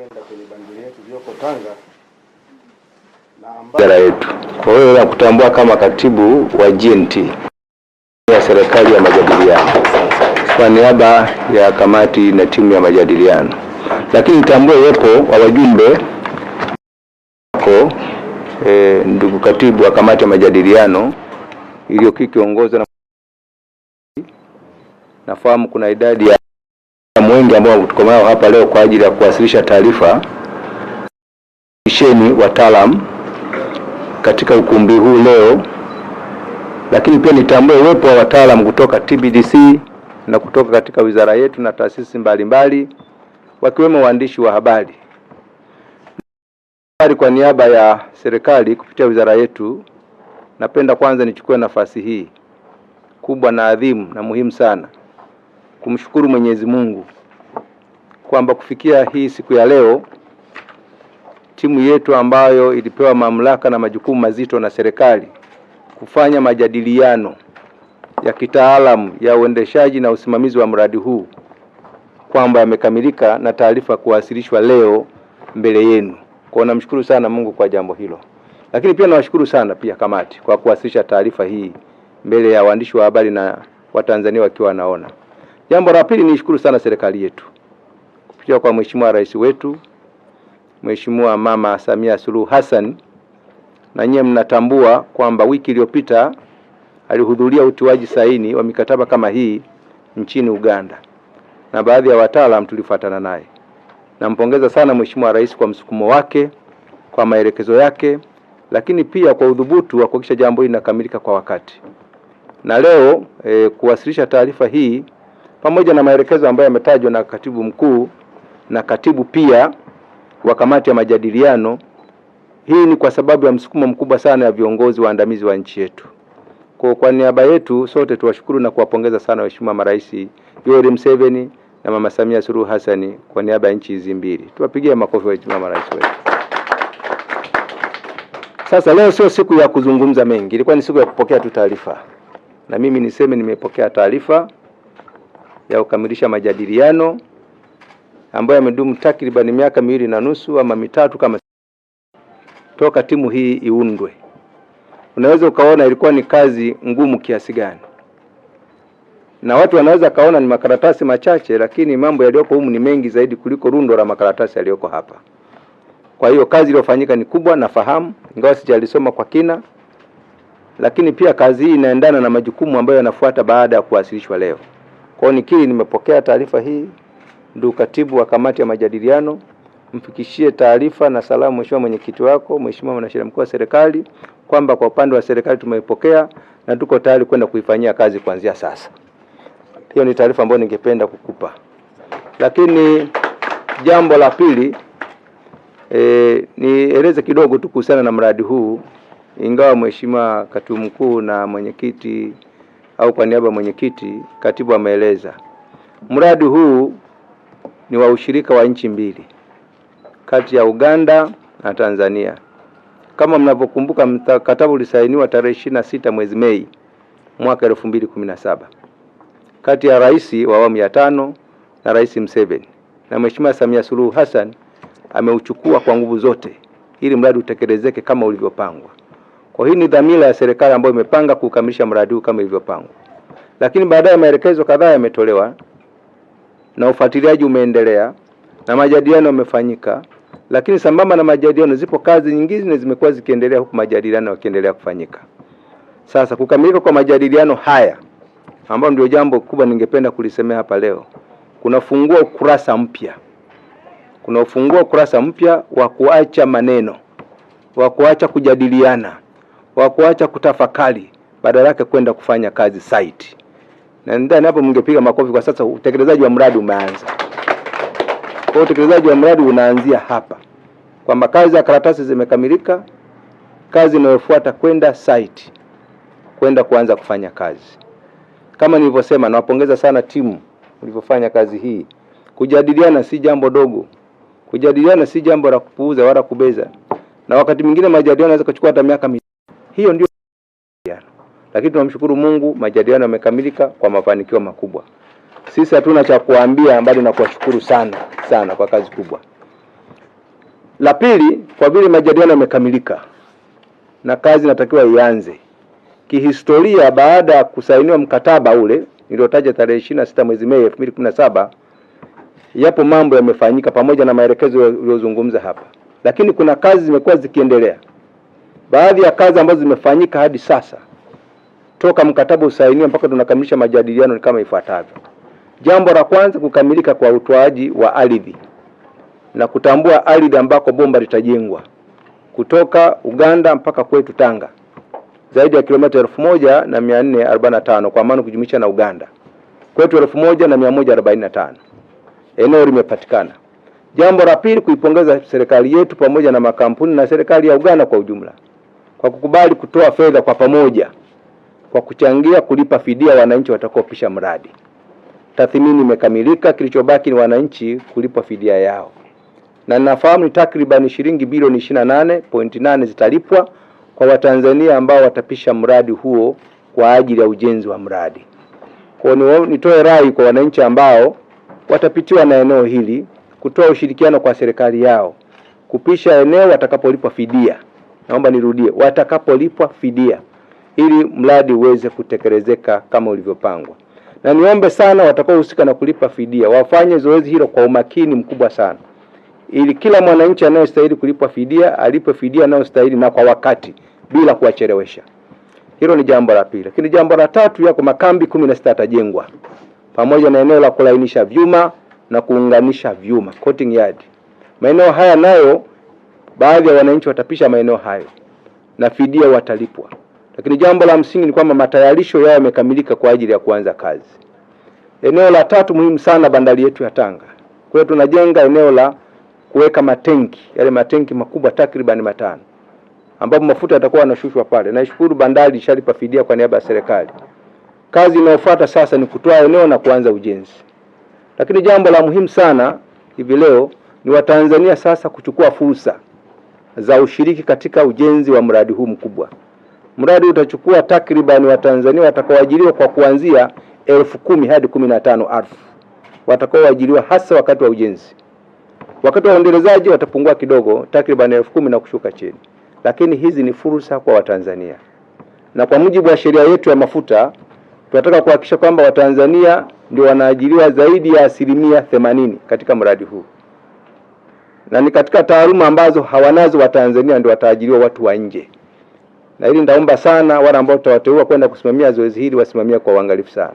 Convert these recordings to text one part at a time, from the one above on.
kwenda kwenye bangili yetu iliyoko Tanga na yetu. Kwa hiyo la kutambua kama katibu wa GNT ya serikali ya majadiliano kwa niaba ya kamati na timu ya majadiliano, lakini nitambue uwepo wa wajumbe wako e, ndugu katibu wa kamati ya majadiliano iliyokikiongozwa na nafahamu kuna idadi ya wengi ambao tuko nao hapa leo kwa ajili ya kuwasilisha taarifa isheni wataalam katika ukumbi huu leo, lakini pia nitambue uwepo wa wataalam kutoka TBDC na kutoka katika wizara yetu na taasisi mbalimbali wakiwemo waandishi wa habari. Kwa niaba ya serikali kupitia wizara yetu, napenda kwanza nichukue nafasi hii kubwa na adhimu na muhimu sana kumshukuru Mwenyezi Mungu kwamba kufikia hii siku ya leo timu yetu ambayo ilipewa mamlaka na majukumu mazito na serikali kufanya majadiliano ya kitaalamu ya uendeshaji na usimamizi wa mradi huu kwamba yamekamilika na taarifa kuwasilishwa leo mbele yenu. Kwa namshukuru sana Mungu kwa jambo hilo, lakini pia nawashukuru sana pia kamati kwa kuwasilisha taarifa hii mbele ya waandishi wa habari na Watanzania wakiwa wanaona. Jambo la pili, nishukuru sana serikali yetu kupitia kwa Mheshimiwa Rais wetu Mheshimiwa Mama Samia Suluhu Hassan, na nyiye mnatambua kwamba wiki iliyopita alihudhuria utiwaji saini wa mikataba kama hii nchini Uganda, na baadhi ya wataalam tulifuatana naye. Nampongeza sana Mheshimiwa Rais kwa msukumo wake, kwa maelekezo yake, lakini pia kwa udhubutu wa kuhakikisha jambo hili linakamilika kwa wakati. Na leo e, kuwasilisha taarifa hii pamoja na maelekezo ambayo yametajwa na katibu mkuu na katibu pia wa kamati ya majadiliano. Hii ni kwa sababu ya msukumo mkubwa sana ya viongozi waandamizi wa nchi yetu. Kwa, kwa niaba yetu sote tuwashukuru na kuwapongeza sana waheshimiwa marais Yoweri Museveni na Mama Samia Suluhu Hassan kwa niaba ya nchi hizi mbili. Tuwapigie makofi waheshimiwa marais wetu. Sasa leo sio siku ya kuzungumza mengi, ilikuwa ni siku ya kupokea tu taarifa, na mimi niseme nimepokea taarifa ya kukamilisha majadiliano ambayo yamedumu takriban miaka miwili na nusu ama mitatu kama toka timu hii iundwe. Unaweza ukaona ilikuwa ni kazi ngumu kiasi gani, na watu wanaweza kaona ni makaratasi machache, lakini mambo yaliyoko humu ni mengi zaidi kuliko rundo la makaratasi yaliyoko hapa. Kwa hiyo kazi iliyofanyika ni kubwa, nafahamu, ingawa sijalisoma kwa kina, lakini pia kazi hii inaendana na majukumu ambayo yanafuata baada ya kuwasilishwa leo. Kwa hiyo nikiri, nimepokea taarifa hii. Ndugu katibu wa kamati ya majadiliano, mfikishie taarifa na salamu mheshimiwa mwenyekiti wako, mheshimiwa mwanasheria mkuu wa serikali kwamba kwa upande wa serikali tumeipokea na tuko tayari kwenda kuifanyia kazi kuanzia sasa. Hiyo ni taarifa ambayo ningependa kukupa. Lakini jambo la pili e, nieleze kidogo tu kuhusiana na mradi huu, ingawa mheshimiwa katibu mkuu na mwenyekiti au kwa niaba ya mwenyekiti, katibu ameeleza mradi huu ni wa ushirika wa nchi mbili kati ya Uganda na Tanzania. Kama mnavyokumbuka, mkataba ulisainiwa tarehe 26 mwezi Mei mwaka 2017 kati ya rais wa awamu ya tano na Rais Museveni, na Mheshimiwa Samia Suluhu Hassan ameuchukua kwa nguvu zote ili mradi utekelezeke kama ulivyopangwa. Kwa hii ni dhamira ya serikali ambayo imepanga kuukamilisha mradi huu kama ilivyopangwa, lakini baadaye maelekezo kadhaa yametolewa na ufuatiliaji umeendelea na majadiliano yamefanyika, lakini sambamba na majadiliano zipo kazi nyingine zimekuwa zikiendelea huku majadiliano yakiendelea kufanyika. Sasa kukamilika kwa majadiliano haya ambayo ndio jambo kubwa ningependa kulisemea hapa leo, kunafungua ukurasa mpya, kunafungua ukurasa mpya wa kuacha maneno, wa kuacha kujadiliana wa kuacha kutafakari, badala yake kwenda kufanya kazi site. Na ndani hapo mngepiga makofi kwa sasa, utekelezaji wa mradi umeanza. Kwa utekelezaji wa mradi unaanzia hapa kwamba kazi ya karatasi zimekamilika, kazi inayofuata kwenda site, kwenda kuanza kufanya kazi. Kama nilivyosema, nawapongeza sana timu ulivyofanya kazi hii. Kujadiliana si jambo dogo, kujadiliana si jambo la kupuuza wala kubeza, na wakati mwingine majadiliano yanaweza kuchukua hata miaka hiyo ndio majadiliano, lakini tunamshukuru Mungu, majadiliano yamekamilika kwa mafanikio makubwa. Sisi hatuna cha kuambia mbali na kuwashukuru sana sana kwa kazi kubwa. La pili, kwa vile majadiliano yamekamilika na kazi inatakiwa ianze kihistoria. Baada ya kusainiwa mkataba ule niliotaja tarehe 26 mwezi Mei 2017, yapo mambo yamefanyika pamoja na maelekezo yaliyozungumza hapa, lakini kuna kazi zimekuwa zikiendelea. Baadhi ya kazi ambazo zimefanyika hadi sasa toka mkataba usainiwe mpaka tunakamilisha majadiliano ni kama ifuatavyo. Jambo la kwanza, kukamilika kwa utoaji wa ardhi na kutambua ardhi ambako bomba litajengwa kutoka Uganda mpaka kwetu Tanga, zaidi ya kilomita elfu moja na mia nne arobaini na tano kwa maana kujumlisha na Uganda kwetu elfu moja na mia moja arobaini na tano eneo limepatikana. Jambo la pili, kuipongeza serikali yetu pamoja na makampuni na serikali ya Uganda kwa ujumla kwa kukubali kutoa fedha kwa pamoja kwa kuchangia kulipa fidia wananchi watakaopisha mradi. Tathmini imekamilika, kilichobaki ni wananchi kulipwa fidia yao, na ninafahamu ni takriban shilingi bilioni 28.8 zitalipwa kwa Watanzania ambao watapisha mradi huo kwa ajili ya ujenzi wa mradi. Kwa hiyo nitoe rai kwa wananchi ambao watapitiwa na eneo hili kutoa ushirikiano kwa serikali yao kupisha eneo watakapolipwa fidia naomba nirudie, watakapolipwa fidia ili mradi uweze kutekelezeka kama ulivyopangwa. Na niombe sana watakaohusika na kulipa fidia wafanye zoezi hilo kwa umakini mkubwa sana, ili kila mwananchi anayestahili kulipwa fidia alipe fidia anayostahili na kwa wakati, bila kuwachelewesha. Hilo ni jambo la pili. Lakini jambo la tatu, yako makambi kumi na sita yatajengwa pamoja na eneo la kulainisha vyuma na kuunganisha vyuma, coating yard. Maeneo haya nayo baadhi ya wananchi watapisha maeneo hayo na fidia watalipwa, lakini jambo la msingi ni kwamba matayarisho yao yamekamilika kwa ajili ya kuanza kazi. Eneo la tatu muhimu sana, bandari yetu ya Tanga. Kwa tunajenga eneo la kuweka matenki, yale matenki makubwa takriban matano, ambapo mafuta yatakuwa yanashushwa pale. Naishukuru bandari ishalipa fidia kwa niaba ya serikali. Kazi inayofuata sasa ni kutoa eneo na kuanza ujenzi. Lakini jambo la muhimu sana hivi leo ni Watanzania sasa kuchukua fursa za ushiriki katika ujenzi wa mradi huu mkubwa. Mradi utachukua takribani Watanzania watakaoajiriwa kwa kuanzia elfu kumi hadi kumi na tano elfu watakaoajiriwa hasa wakati wa ujenzi. Wakati wa uendelezaji watapungua kidogo, takribani elfu kumi na kushuka chini, lakini hizi ni fursa kwa Watanzania, na kwa mujibu wa sheria yetu ya mafuta tunataka kuhakikisha kwamba Watanzania ndio wanaajiriwa zaidi ya asilimia themanini katika mradi huu na ni katika taaluma ambazo hawanazo Watanzania ndio wataajiriwa watu wa nje, na hili nitaomba sana wale ambao tutawateua kwenda kusimamia zoezi hili wasimamia kwa uangalifu sana.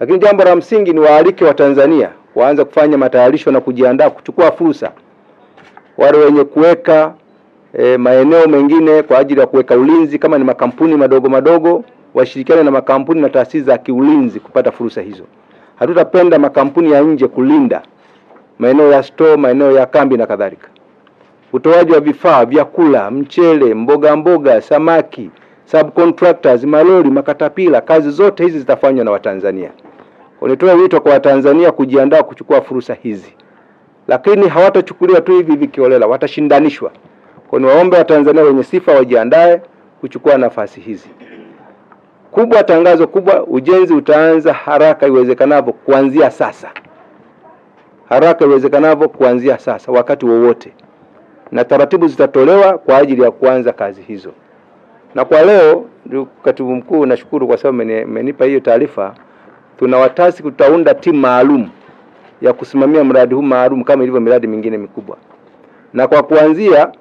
Lakini jambo la msingi ni waalike Watanzania waanze kufanya matayarisho na kujiandaa kuchukua fursa, wale wenye kuweka e, maeneo mengine kwa ajili ya kuweka ulinzi, kama ni makampuni madogo madogo washirikiane na makampuni na taasisi za kiulinzi kupata fursa hizo. Hatutapenda makampuni ya nje kulinda maeneo ya store, maeneo ya kambi na kadhalika. Utoaji wa vifaa, vyakula, mchele, mboga mboga, samaki, subcontractors, malori, makatapila, kazi zote hizi zitafanywa na Watanzania. Nitoe wito kwa Watanzania kujiandaa kuchukua fursa hizi, lakini hawatachukuliwa tu hivi vikiolela, watashindanishwa. Kwa niwaombe Watanzania wenye sifa wajiandae kuchukua nafasi hizi kubwa. Tangazo kubwa, ujenzi utaanza haraka iwezekanavyo kuanzia sasa haraka iwezekanavyo kuanzia sasa, wakati wowote, na taratibu zitatolewa kwa ajili ya kuanza kazi hizo. Na kwa leo, katibu mkuu, nashukuru kwa sababu mmenipa hiyo taarifa. Tuna watasi, tutaunda timu maalum ya kusimamia mradi huu maalum kama ilivyo miradi mingine mikubwa, na kwa kuanzia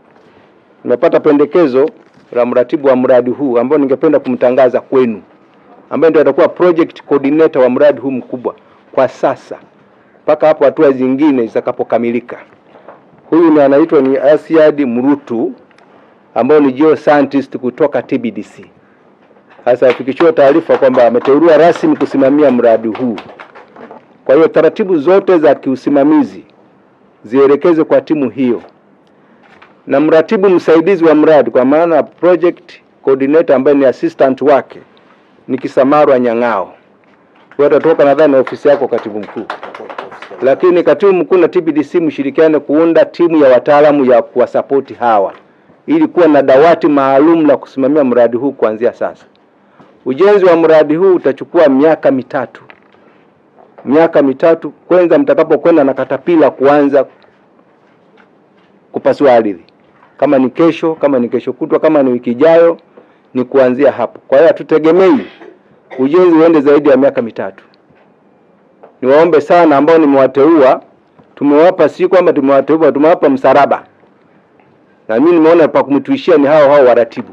nimepata pendekezo la mratibu wa mradi huu ambao ningependa kumtangaza kwenu, ambaye ndio atakuwa project coordinator wa mradi huu mkubwa kwa sasa mpaka hapo hatua zingine zitakapokamilika. Huyu ni anaitwa ni Asiad Mrutu ambayo ni geoscientist kutoka TBDC. Sasa tukichua taarifa kwamba ameteuliwa rasmi kusimamia mradi huu. Kwa hiyo taratibu zote za kiusimamizi zielekezwe kwa timu hiyo, na mratibu msaidizi wa mradi kwa maana project coordinator ambaye ni assistant wake ni Kisamarwa Nyang'ao. Wewe utatoka nadhani ofisi yako, katibu mkuu. Lakini katibu mkuu na TBDC mshirikiane kuunda timu ya wataalamu ya kuwasapoti hawa ili kuwa na dawati maalum la kusimamia mradi huu kuanzia sasa. Ujenzi wa mradi huu utachukua miaka mitatu, miaka mitatu kwanza, mtakapokwenda na katapila kuanza kupasua ardhi, kama ni kesho, kama ni kesho kutwa, kama ni wiki ijayo, ni kuanzia hapo. Kwa hiyo hatutegemei ujenzi uende zaidi ya miaka mitatu niwaombe sana ambao nimewateua, tumewapa si kwamba tumewateua, tumewapa msalaba, na mimi nimeona pa kumtuishia ni hao hao waratibu.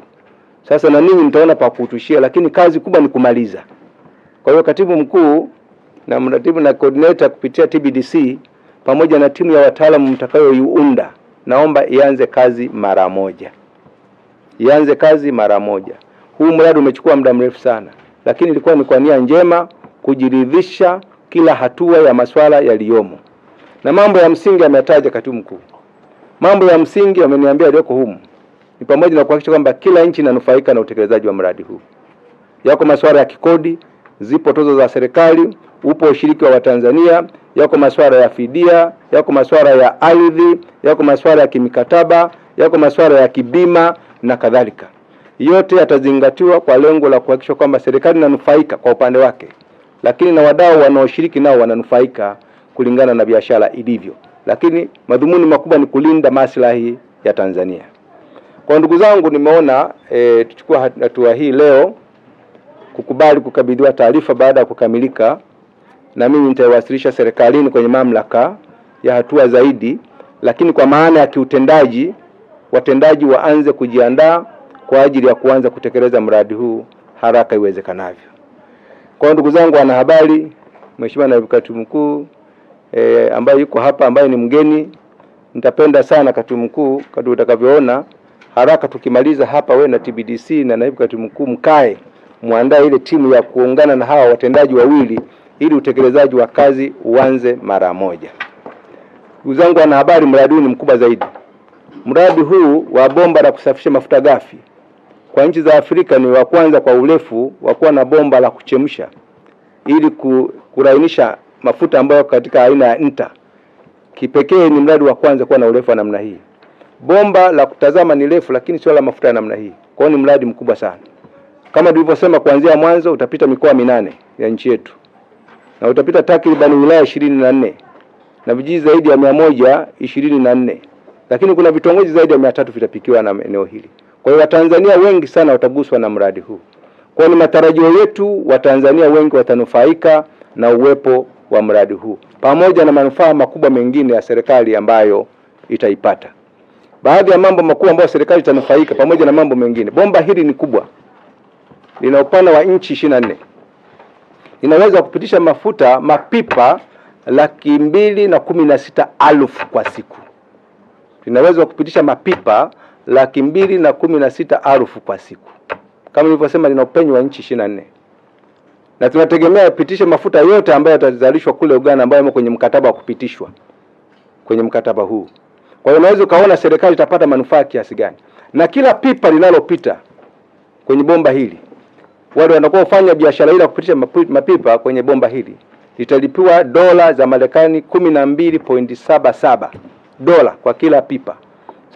Sasa na ninyi nitaona pa kutuishia, lakini kazi kubwa ni kumaliza. Kwa hiyo katibu mkuu na mratibu na coordinator kupitia TBDC pamoja na timu ya wataalamu mtakayoiunda, naomba ianze kazi mara moja, ianze kazi mara moja. Huu mradi umechukua muda mrefu sana, lakini ilikuwa ni kwa nia njema kujiridhisha kila hatua ya masuala yaliyomo, na mambo ya msingi ameyataja katibu mkuu. Mambo ya msingi ameniambia yaliyoko humu ni pamoja na kuhakikisha kwamba kila nchi inanufaika na utekelezaji wa mradi huu. Yako masuala ya kikodi, zipo tozo za serikali, upo ushiriki wa Watanzania, yako masuala ya fidia, yako masuala ya ardhi, yako masuala ya kimikataba, yako masuala ya kibima na kadhalika. Yote yatazingatiwa kwa lengo la kuhakikisha kwamba serikali inanufaika kwa upande wake lakini na wadau wanaoshiriki nao wananufaika kulingana na biashara ilivyo, lakini madhumuni makubwa ni kulinda maslahi ya Tanzania. Kwa ndugu zangu, nimeona e, eh, tuchukua hatua hii leo kukubali kukabidhiwa taarifa baada ya kukamilika, na mimi nitaiwasilisha serikalini kwenye mamlaka ya hatua zaidi, lakini kwa maana ya kiutendaji, watendaji waanze kujiandaa kwa ajili ya kuanza kutekeleza mradi huu haraka iwezekanavyo. Kwa ndugu zangu wanahabari, Mheshimiwa Naibu Katibu Mkuu e, ambaye yuko hapa ambaye ni mgeni, nitapenda sana Katibu Mkuu, kadri utakavyoona haraka tukimaliza hapa, we na TBDC na Naibu Katibu Mkuu mkae muandae ile timu ya kuungana na hawa watendaji wawili ili utekelezaji wa kazi uanze mara moja. Ndugu zangu wanahabari, mradi huu ni mkubwa zaidi. Mradi huu wa bomba la kusafisha mafuta ghafi kwa nchi za Afrika ni wa kwanza kwa urefu wa kuwa na bomba la kuchemsha ili kulainisha mafuta ambayo katika aina ya nta. Kipekee ni mradi wa kwanza kuwa na urefu wa namna hii. Bomba la kutazama ni refu, lakini sio la mafuta ya namna hii. Kwa hiyo ni mradi mkubwa sana. Kama tulivyosema kuanzia mwanzo, utapita mikoa minane ya nchi yetu na utapita takriban wilaya ishirini na nne na vijiji zaidi ya mia moja ishirini na nne lakini kuna vitongoji zaidi ya mia tatu vitapikiwa na eneo hili. Kwa hiyo Watanzania wengi sana wataguswa na mradi huu. Kwa hiyo ni matarajio yetu Watanzania wengi watanufaika na uwepo wa mradi huu pamoja na manufaa makubwa mengine ya serikali ambayo itaipata. Baadhi ya mambo makubwa ambayo serikali itanufaika pamoja na mambo mengine, bomba hili ni kubwa, lina upana wa inchi 24 na linaweza kupitisha mafuta mapipa laki mbili na kumi na sita alufu kwa siku linaweza kupitisha mapipa laki mbili na kumi na sita alfu kwa siku. Kama nilivyosema, lina upenyo wa nchi ishirini na nne na tunategemea yapitishe mafuta yote ambayo yatazalishwa kule Uganda ambayo yamo kwenye mkataba wa kupitishwa kwenye mkataba huu. Kwa hiyo unaweza ukaona serikali itapata manufaa kiasi gani, na kila pipa linalopita kwenye bomba hili, wale wanakuwa ufanya biashara hii na kupitisha mapipa kwenye bomba hili litalipiwa dola za Marekani kumi na mbili pointi saba saba dola kwa kila pipa.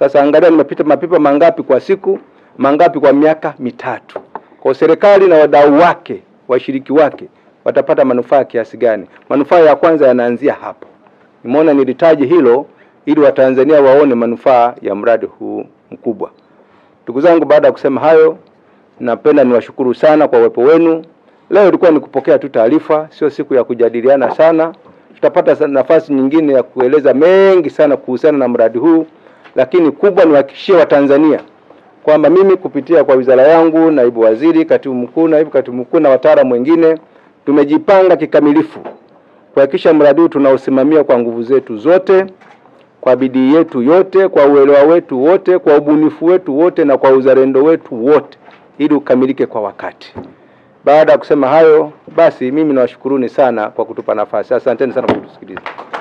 Sasa angalia nimepita mapipa mangapi kwa siku, mangapi kwa miaka mitatu. Kwa serikali na wadau wake, washiriki wake watapata manufaa kiasi gani? Manufaa ya kwanza yanaanzia hapo. Nimeona nilitaji hilo ili Watanzania waone manufaa ya mradi huu mkubwa. Ndugu zangu, baada ya kusema hayo, napenda niwashukuru sana kwa uwepo wenu. Leo ilikuwa ni kupokea tu taarifa, sio siku ya kujadiliana sana. Tutapata nafasi nyingine ya kueleza mengi sana kuhusiana na mradi huu lakini kubwa niwahakikishie Watanzania kwamba mimi kupitia kwa wizara yangu, naibu waziri, katibu mkuu, naibu katibu mkuu na wataalamu wengine tumejipanga kikamilifu kuhakikisha mradi huu tunaosimamia kwa nguvu zetu zote, kwa bidii yetu yote, kwa uelewa wetu wote, kwa ubunifu wetu wote na kwa uzalendo wetu wote, ili ukamilike kwa wakati. Baada ya kusema hayo, basi mimi nawashukuruni sana kwa kutupa nafasi. Asanteni sana kwa kutusikiliza.